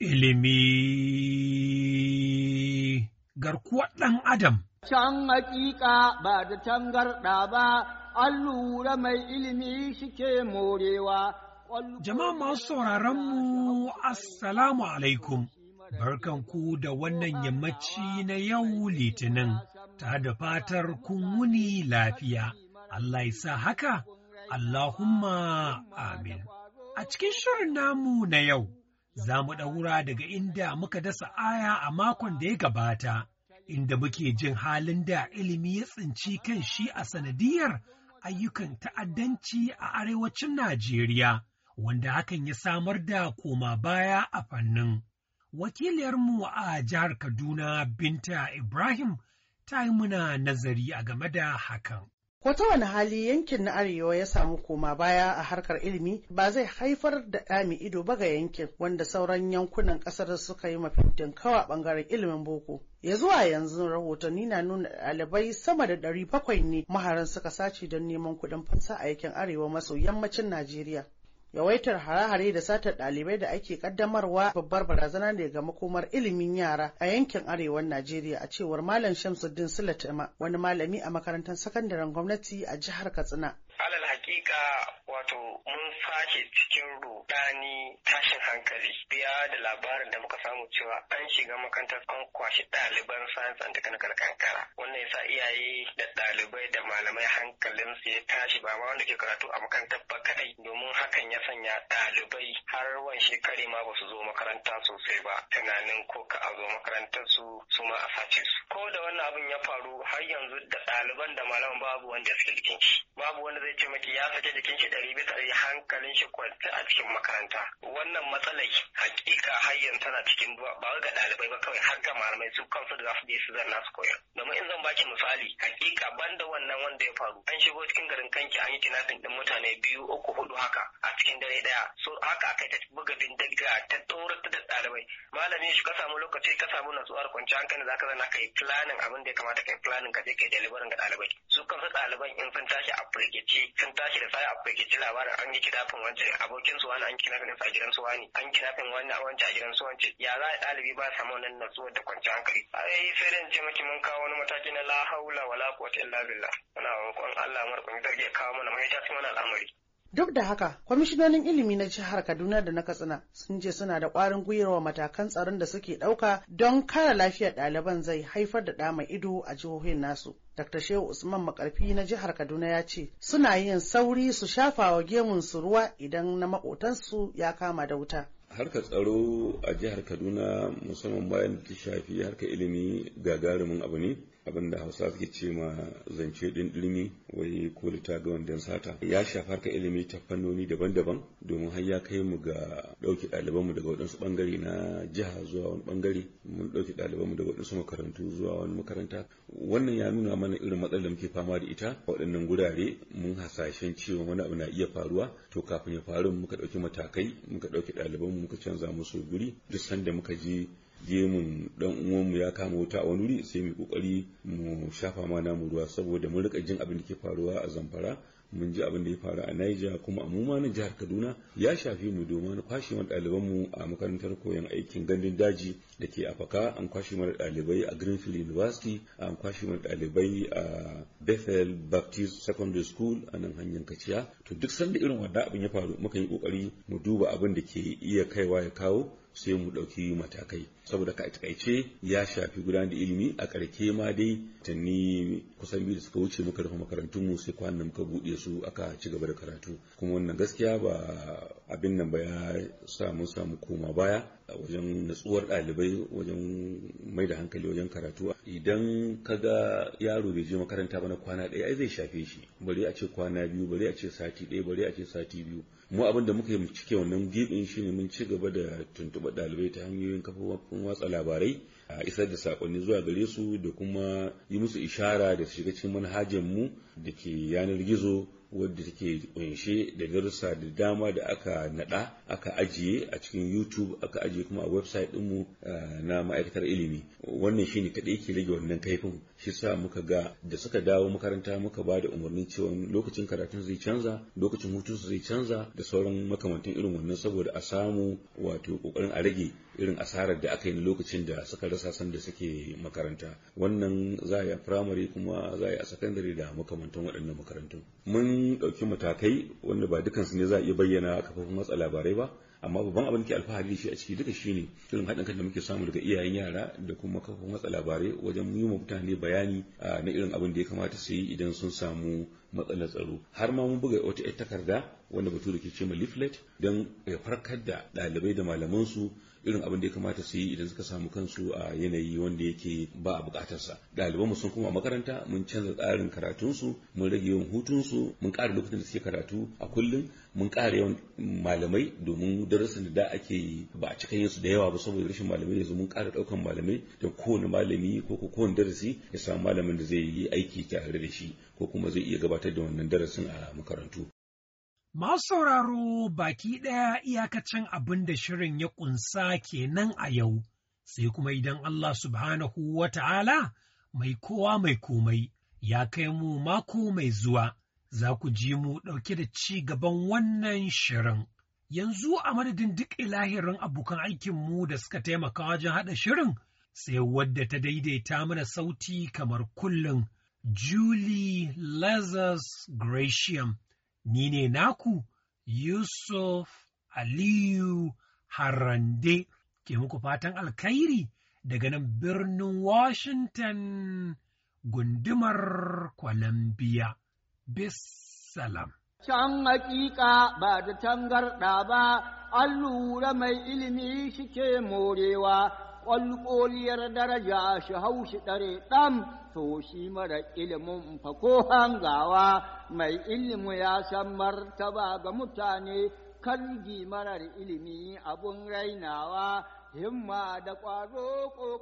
ilimi garkuwar ɗan adam. Can haƙiƙa ba da can garɗa ba, an lura mai ilimi shike morewa. Jama'a masu sauraron mu, Assalamu alaikum. Barkan ku da wannan yammaci na yau litinin, ta da fatar kun wuni lafiya. Allah ya sa haka, Allahumma amin. A cikin shirin namu na yau, za mu ɗaura daga inda muka dasa aya a makon da ya gabata, inda muke jin halin da ilimi ya tsinci kan shi a sanadiyar ayyukan ta'addanci a arewacin Najeriya, wanda hakan ya samar da koma baya a fannin. Wakiliyarmu a jihar Kaduna Binta Ibrahim ta yi muna nazari a game da hakan. Ko ta wani hali yankin na Arewa ya samu koma baya a harkar ilimi ba zai haifar da ɗami ido ba ga yankin wanda sauran yankunan ƙasar suka yi mafintin kawa ɓangaren ilimin boko. Ya zuwa yanzu rahotanni na nuna ɗalibai sama da ɗari bakwai ne maharan suka sace don neman kuɗin fansa a yankin Arewa maso yammacin Najeriya. yawaitar hare-hare da satar ɗalibai da ake kaddamarwa babbar barazana ne ga makomar ilimin yara a yankin arewan Najeriya a cewar Malam Shamsuddin sulatama wani malami a makarantar sakandaren gwamnati a jihar Katsina. hakika wato mun sake cikin rudani tashin hankali biya da labarin da muka samu cewa an shiga makarantar an kwashi ɗaliban science and technical kankara wannan yasa iyaye da ɗalibai da malamai hankalin su ya tashi ba ma wanda ke karatu a makarantar ba kadai domin hakan ya sanya ɗalibai har wani shekari ma su zo makaranta sosai ba tunanin ko ka a zo makarantar su su ma a sace su ko da wannan abin ya faru har yanzu da ɗaliban da malaman babu wanda suke jikin shi babu wanda zai ce maki ya fita jikin shi ɗari bisa ɗari hankalin shi kwanci a cikin makaranta wannan matsalai hakika har yanzu tana cikin duwa ba ga ɗalibai ba kawai har ga malamai su kansu da za su je su zanna su koyar domin in zan baki misali hakika banda wannan wanda ya faru an shigo cikin garin kanki an yi kinafin ɗin mutane biyu uku hudu haka a cikin dare ɗaya so haka aka ta buga bindiga ta tsorata da ɗalibai malami shi ka samu lokaci ka samu natsuwar kwanci hankali za ka zana ka yi planning abin da ya kamata ka yi planning ka je ka yi dalibarin ga ɗalibai su kansu ɗaliban in sun tashi a firgice sun tashi da sai akwai ke ji labarin an yi kidafin wance abokin su wani an kidafin sa a gidan su wani an kidafin wannan wance a gidan su wance ya za a ɗalibi ba samu nan natsuwar da kwanci hankali. Ai sai dan ce maki mun kawo wani mataki na la haula wala quwwata illa billah. Muna roƙon Allah mu rubuta ya kawo mana mai tasiri wannan al'amari. Duk da haka, kwamishinonin ilimi na jihar Kaduna da na Katsina sun je suna da ƙwarin gwiwa matakan tsaron da suke ɗauka don kare lafiyar ɗaliban zai haifar da ɗa mai ido a jihohin nasu. Dr. Shehu Usman Makarfi na jihar Kaduna ya ce suna yin sauri su shafa wa gemunsu ruwa idan na maƙotansu ya kama da wuta. harkar tsaro a jihar kaduna musamman bayan ta shafi harkar ilimi gagarumin abu ne hausa ke ce ma zance ɗinɗirmi wai ko ta ga sata ya shafi harkar ilimi ta fannoni daban-daban domin har ya kai mu ga dauki ɗalibanmu daga waɗansu ɓangare na jiha zuwa wani ɓangare mun ɗauki ɗalibanmu daga waɗansu makarantu zuwa wani makaranta wannan ya nuna mana irin matsalar muke fama da ita waɗannan gurare mun hasashen cewa wani abu na iya faruwa to kafin ya faru muka ɗauki matakai muka ɗauki ɗalibanmu muka canza musu guri duk sanda muka je gemun dan uwanmu ya kama wuta a wani wuri sai mu kokari mu shafa ma namu ruwa saboda mun rika jin abin da ke faruwa a Zamfara mun ji abin da ya faru a Niger kuma a muma na jihar Kaduna ya shafi mu domin kwashe mana ɗaliban mu a makarantar koyon aikin gandun daji da ke Afaka an kwashe mana ɗalibai a Greenfield University an kwashe mana ɗalibai a Bethel Baptist Secondary School a nan hanyar Kaciya to duk sanda irin wannan abin ya faru muka yi kokari mu duba abin da ke iya kaiwa ya kawo sai mu ɗauki matakai saboda ka takaice ya shafi gudanar da ilimi a ƙarke ma dai tanni kusan biyu da suka wuce muka rufe makarantunmu sai kwanan muka buɗe su aka ci gaba da karatu kuma wannan gaskiya ba abin nan ba ya samu samu koma baya a wajen natsuwar ɗalibai wajen mai da hankali wajen karatu idan ka ga yaro bai je makaranta ba na kwana ɗaya ai zai shafe shi bari a ce kwana biyu bari a ce sati ɗaya bari a ce sati biyu mu abin da muka yi cike wannan gibin shine mun ci gaba da tuntuɓa ɗalibai ta hanyoyin kafofin watsa labarai a isar da sakonni zuwa gare su da kuma yi musu ishara da su shiga cikin manhajar mu da ke yanar gizo wadda take kunshe da darussa da dama da aka nada aka ajiye a cikin YouTube aka ajiye kuma a website dinmu na ma'aikatar ilimi wannan shine kaɗai yake rage wannan kaifin shi sa muka ga da suka dawo makaranta muka ba da umarnin cewa lokacin karatun zai canza lokacin hutun zai canza da sauran makamantan irin wannan saboda a samu wato kokarin a rage irin asarar da aka yi lokacin da suka rasasan da suke makaranta wannan za a yi a firamare kuma za a yi a sakandare da makamantan waɗannan makarantun mun ɗauki matakai wanda ba dukansu ne za a iya bayyana a kafofin watsa labarai ba amma babban abin da ke alfahari da shi a ciki duka shi ne irin haɗin kan da muke samu daga iyayen yara da kuma kafofin watsa labarai wajen yi wa mutane bayani na irin abin da ya kamata su yi idan sun samu matsalar tsaro har ma mun buga wata 'yar takarda wanda bature ke ce ma leaflet don ya farkar da ɗalibai da malamansu irin abin da ya kamata su yi idan suka samu kansu a yanayi wanda yake ba a bukatarsa ɗaliban mu sun koma makaranta mun canza tsarin karatunsu mun rage yawan hutunsu mun ƙara lokacin da suke karatu a kullum mun ƙara yawan malamai domin darasin da da ake yi ba a cikin yinsu da yawa ba saboda rashin malamai yanzu mun ƙara ɗaukan malamai da kowane malami ko kowane darasi ya samu malamin da zai yi aiki tare da shi ko kuma zai iya gabatar da wannan darasin a makarantu Masu sauraro baki ɗaya iyakacin abin da shirin ya ƙunsa kenan a yau, sai kuma idan Allah subhanahu wa ta'ala mai kowa mai komai ya kai mu mako mai zuwa, za ku ji mu ɗauke da ci gaban wannan shirin. Yanzu a madadin duk ilahirin abokan aikinmu da suka taimaka wajen haɗa shirin, sai wadda ta daidaita mana sauti kamar kullum, Julie Lazarus Gratiam. ni ne naku Yusuf Aliyu Harande ke muku fatan alkhairi daga nan birnin Washington gundumar Columbia. Bissalam. Can hakika ba da tangarɗa ba, an lura mai ilimi shi ke morewa. ƙwalƙoliyar daraja shi haushi ɗare ɗan to shi mara ilimin fa ko hangawa mai ilimi ya san martaba ga mutane kargi marar ilimi abun rainawa himma da ƙwazo